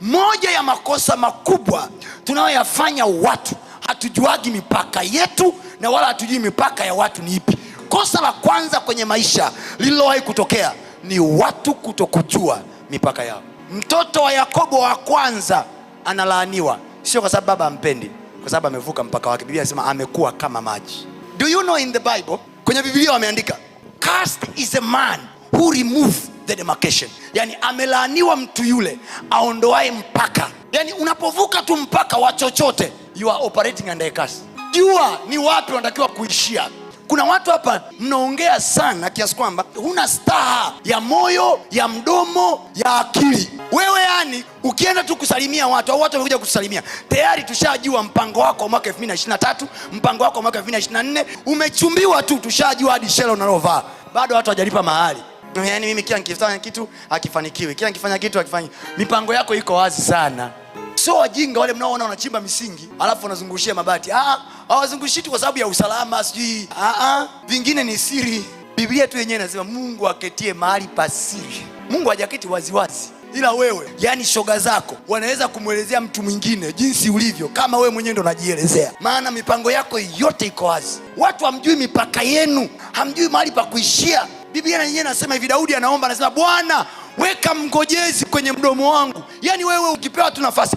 Moja ya makosa makubwa tunayoyafanya watu, hatujuagi mipaka yetu na wala hatujui mipaka ya watu ni ipi. Kosa la kwanza kwenye maisha lililowahi kutokea ni watu kutokujua mipaka yao. Mtoto wa Yakobo wa kwanza analaaniwa, sio kwa sababu baba ampendi, kwa sababu amevuka mpaka wake. Biblia inasema amekuwa kama maji. Do you know in the Bible, kwenye Biblia wameandika, cursed is a man who remove the demarcation. Yani amelaaniwa mtu yule aondoae mpaka. Yani unapovuka tu mpaka wa chochote, you are operating under a curse. Jua ni wapi wanatakiwa kuishia. Kuna watu hapa mnaongea sana kiasi kwamba huna staha ya moyo, ya mdomo, ya akili. Wewe yani, ukienda tu kusalimia watu au watu wamekuja kusalimia, tayari tushajua mpango wako wa mwaka 2023, mpango wako wa mwaka 2024. Umechumbiwa tu, tushajua hadi shela unalovaa. Bado watu hawajalipa mahali. Yaani mimi kila nikifanya kitu hakifanikiwi, kila nikifanya kitu hakifanyi. Mipango yako iko wazi sana. Sio wajinga wale mnaoona wanachimba misingi alafu wanazungushia mabati. Ah, hawazungushi tu kwa sababu ya usalama sijui. Ah ah, vingine ni siri. Biblia tu yenyewe inasema Mungu aketie mahali pa siri. Mungu hajaketi waziwazi, ila wewe, yani shoga zako wanaweza kumwelezea mtu mwingine jinsi ulivyo, kama wewe mwenyewe ndo unajielezea, maana mipango yako yote iko wazi. Watu hamjui mipaka yenu, hamjui mahali pa kuishia. Biblia yenyewe nasema hivi, Daudi anaomba anasema, Bwana weka mgojezi kwenye mdomo wangu. Yani wewe ukipewa tu nafasi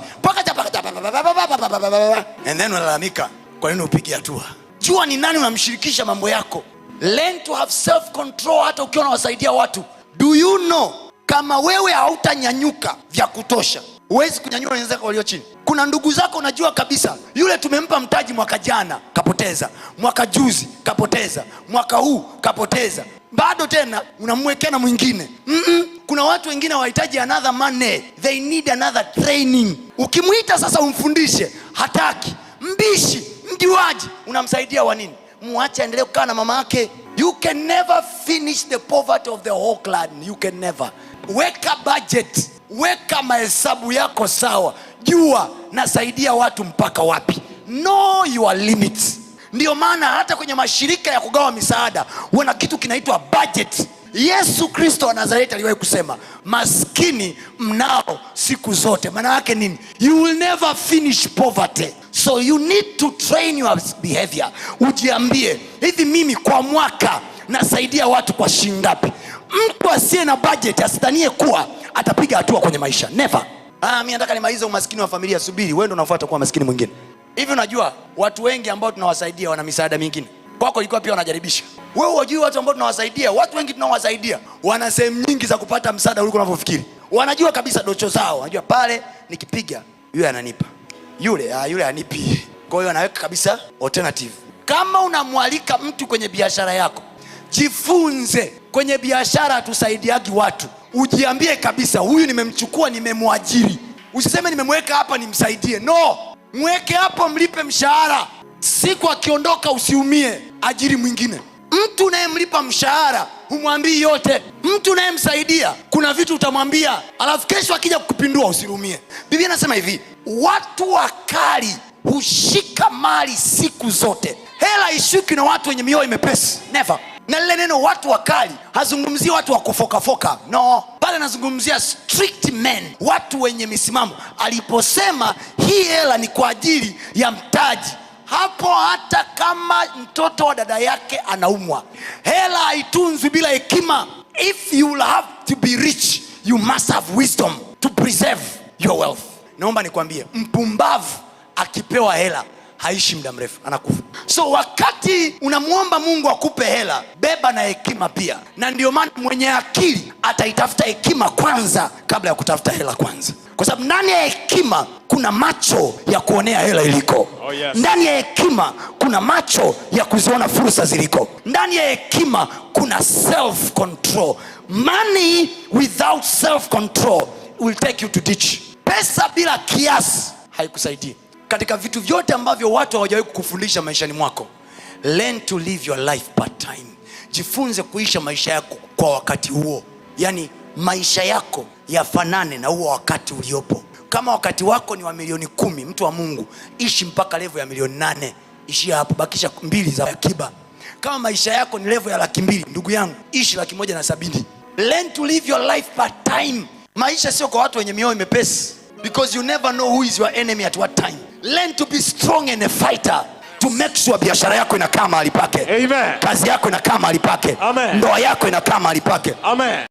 and then unalalamika, kwa nini upige hatua? Jua ni nani unamshirikisha mambo yako. Learn to have self control, hata ukiwa unawasaidia watu. Do you know kama wewe hautanyanyuka vya kutosha, huwezi kunyanyua wenzako walio chini kuna ndugu zako unajua kabisa yule tumempa mtaji mwaka jana kapoteza, mwaka juzi kapoteza, mwaka huu kapoteza, bado tena unamwekea na mwingine mm -mm. Kuna watu wengine wahitaji another money, they need another training. Ukimwita sasa umfundishe, hataki. Mbishi, mjiwaji, unamsaidia wa nini? Muache aendelee kukaa na mama yake. You can never finish the poverty of the whole clan. You can never. Weka budget, weka mahesabu yako sawa jua nasaidia watu mpaka wapi. Know your limits. ndio maana hata kwenye mashirika ya kugawa misaada wana kitu kinaitwa budget. Yesu Kristo wa Nazareti aliwahi kusema maskini mnao siku zote. Maana yake nini? You will never finish poverty, so you need to train your behavior. Ujiambie hivi, mimi kwa mwaka nasaidia watu kwa shilingi ngapi? Mtu asiye na budget asidhanie kuwa atapiga hatua kwenye maisha. Never. Ah, mimi nataka nimalize umaskini wa familia. Subiri, wewe ndio unafuata kuwa maskini mwingine. Hivi unajua watu wengi ambao tunawasaidia wana misaada mingine. Kwako ilikuwa pia wanajaribisha. Wewe Unajua watu ambao tunawasaidia, watu wengi tunaowasaidia wana sehemu nyingi za kupata msaada kuliko unavyofikiri. Wanajua kabisa docho zao. Wanajua pale nikipiga yule ananipa. Yule, ah, yule anipi. Kwa hiyo anaweka kabisa alternative. Kama unamwalika mtu kwenye biashara yako, jifunze Kwenye biashara hatusaidiagi watu. Ujiambie kabisa, huyu nimemchukua, nimemwajiri. Usiseme nimemweka hapa nimsaidie, no, mweke hapo, mlipe mshahara. Siku akiondoka usiumie, ajiri mwingine. Mtu unayemlipa mshahara humwambii yote. Mtu unayemsaidia kuna vitu utamwambia, alafu kesho akija kukupindua usiumie. bibia anasema hivi, watu wakali hushika mali siku zote, hela ishuki na watu wenye mioo imepesi. Never na lile neno watu wakali hazungumzii watu wa kufokafoka, no. Pale anazungumzia strict men, watu wenye misimamo. Aliposema hii hela ni kwa ajili ya mtaji hapo hata kama mtoto wa dada yake anaumwa, hela haitunzwi bila hekima. If you will have to be rich you must have wisdom to preserve your wealth. Naomba nikwambie, mpumbavu akipewa hela haishi muda mrefu, anakufa. So wakati unamwomba Mungu akupe hela, beba na hekima pia, na ndio maana mwenye akili ataitafuta hekima kwanza kabla ya kutafuta hela kwanza, kwa sababu ndani ya hekima kuna macho ya kuonea hela iliko. Oh, yes. Ndani ya hekima kuna macho ya kuziona fursa ziliko. Ndani ya hekima kuna self control. Money without self control will take you to ditch. Pesa bila kiasi haikusaidii katika vitu vyote ambavyo watu hawajawahi kukufundisha maishani mwako. Learn to live your life part time, jifunze kuisha maisha yako kwa wakati huo, yani maisha yako yafanane na huo wakati uliopo. Kama wakati wako ni wa milioni kumi, mtu wa Mungu, ishi mpaka levo ya milioni nane, ishia hapo, bakisha mbili za akiba. Kama maisha yako ni levo ya laki mbili, ndugu yangu, ishi laki moja na sabini. Learn to live your life part time. Maisha sio kwa watu wenye mioyo mepesi, because you never know who is your enemy at what time. Learn to be strong and a fighter to make sure biashara yako inakaa mahali pake. Amen. Kazi yako inakaa mahali pake. Amen. Ndoa yako inakaa mahali pake. Amen.